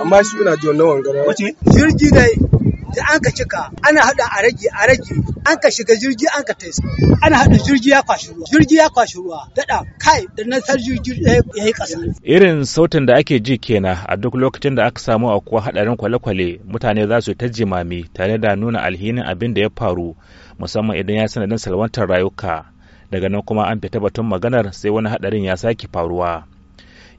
amma shi ina ji wannan wangara wace jirgi dai da an ka cika ana hada a rage a rage an ka shiga jirgi an ka taisa ana hada jirgi ya kwashi ruwa jirgi ya kwashi ruwa dada kai da nan sar jirgi eh, ya yi kasa irin sautin da ake ji kenan a duk lokacin da aka samu akuwa hadarin kwale-kwale mutane za su ta jimami tare da nuna alhinin abin da ya faru musamman idan ya sanadin salwantar rayuka daga nan kuma an fita batun maganar sai wani hadarin ya sake faruwa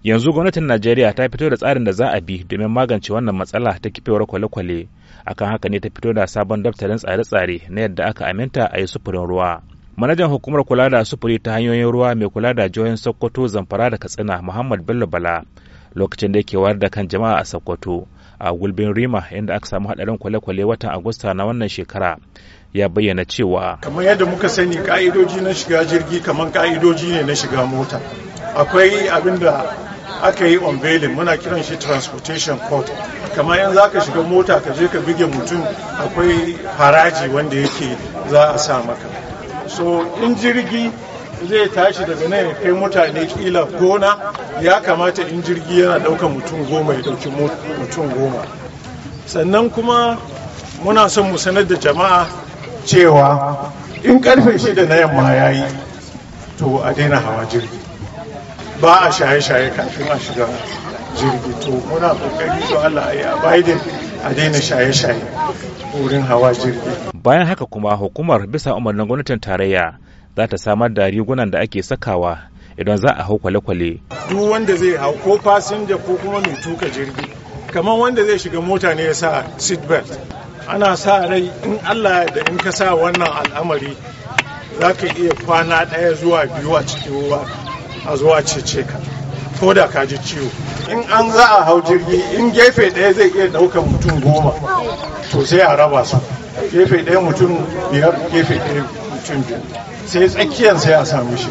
yanzu gwamnatin najeriya ta fito da tsarin da za a bi domin magance wannan matsala ta kifewar kwale-kwale akan haka ne ta fito da sabon daftarin tsare-tsare na yadda aka aminta a yi sufurin ruwa manajan hukumar kula da sufuri ta hanyoyin ruwa mai kula da jihohin sokoto zamfara da katsina muhammad bello bala lokacin da yake wayar da kan jama'a a sokoto a gulbin rima inda aka samu hadarin kwale-kwale watan agusta na wannan shekara ya bayyana cewa kamar yadda muka sani ka'idoji na shiga jirgi kamar ka'idoji ne na shiga mota akwai abin aka yi unveiling muna kiran shi transportation court kamar yanzu zaka shiga mota ka je ka bige mutum akwai haraji wanda yake za a sa maka so in jirgi zai tashi daga nan kai mutane kila gona ya kamata in jirgi yana ɗaukar mutum goma ya ɗauki mutum goma sannan kuma muna son mu sanar da jama'a cewa in karfe shida na yamma ya yi to a daina hawa jirgi ba a shaye-shaye kafin a shiga jirgi to muna kokari to Allah ya Biden a daina shaye-shaye wurin hawa jirgi bayan haka kuma hukumar bisa umarnin gwamnatin tarayya za ta samar da rigunan da ake sakawa idan za a hau kwale-kwale duk wanda zai hau ko fasinja ko kuma mai tuka jirgi kamar wanda zai shiga mota ne ya sa seatbelt ana sa rai in Allah da in ka sa wannan al'amari za ka iya kwana ɗaya zuwa biyu a cikin ruwa a zuwa cece ka ko da ka ji ciwo in an za a hau jirgi in gefe ɗaya zai iya ɗaukar mutum goma to sai a raba su gefe ɗaya mutum biyar gefe ɗaya mutum biyu sai tsakiyar sai a samu shi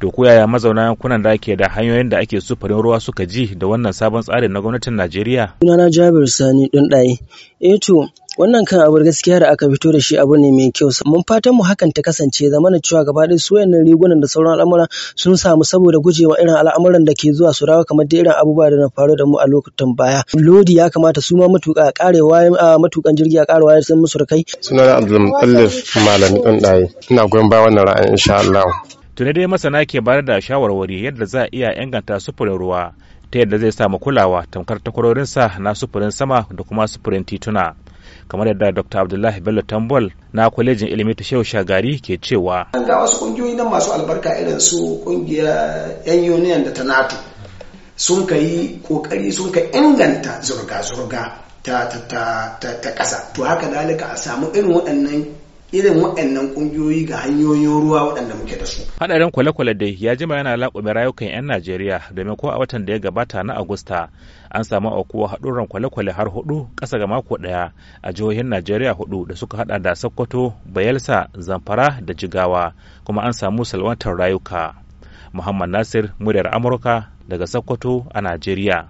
to ko yaya mazauna yankunan da ake da hanyoyin da ake sufurin ruwa suka ji da wannan sabon tsarin na gwamnatin Najeriya? Sunana Jabir Sani ɗin ɗaye. Eh Wannan kan abun gaskiya da aka fito da shi abu ne mai kyau. Mun fatan mu hakan ta kasance zaman zamana cewa gaba ɗaya su wayannan rigunan da sauran al'amura sun samu saboda gujewa irin al'amuran da ke zuwa su dawo kamar da irin abubuwa da na faru da mu a lokutan baya. Lodi ya kamata su ma matuƙa a matuƙan jirgi a ƙara ya san musu rakai. Suna da Abdulmutallif Malami Ɗanɗaye. Ina goyon bayan wannan ra'ayin insha Allah. dai masana ke bayar da shawarwari yadda za a iya inganta sufurin ruwa ta yadda zai samu kulawa tamkar takwarorinsa na sufurin sama da kuma sufurin tituna. kamar yadda dr abdullahi bello tambol na kwalejin ilimi ta shehu shagari ke cewa ga wasu kungiyoyi na masu albarka irin su kungiyar yan union da ta nato sun ka yi kokari sun ka inganta zurga-zurga ta ƙasa to haka dalika a samu irin waɗannan irin waɗannan ƙungiyoyi ga hanyoyin ruwa waɗanda muke da su. Haɗarin kwale-kwale dai ya jima yana laƙume rayukan 'yan Najeriya domin ko a watan da ya gabata na Agusta an samu aukuwa haɗurran kwale-kwale har hudu ƙasa ga mako ɗaya a jihohin Najeriya hudu da suka haɗa da Sokoto, Bayelsa, Zamfara da Jigawa kuma an samu salwantar rayuka. Muhammad Nasir, muryar Amurka daga Sokoto a Najeriya.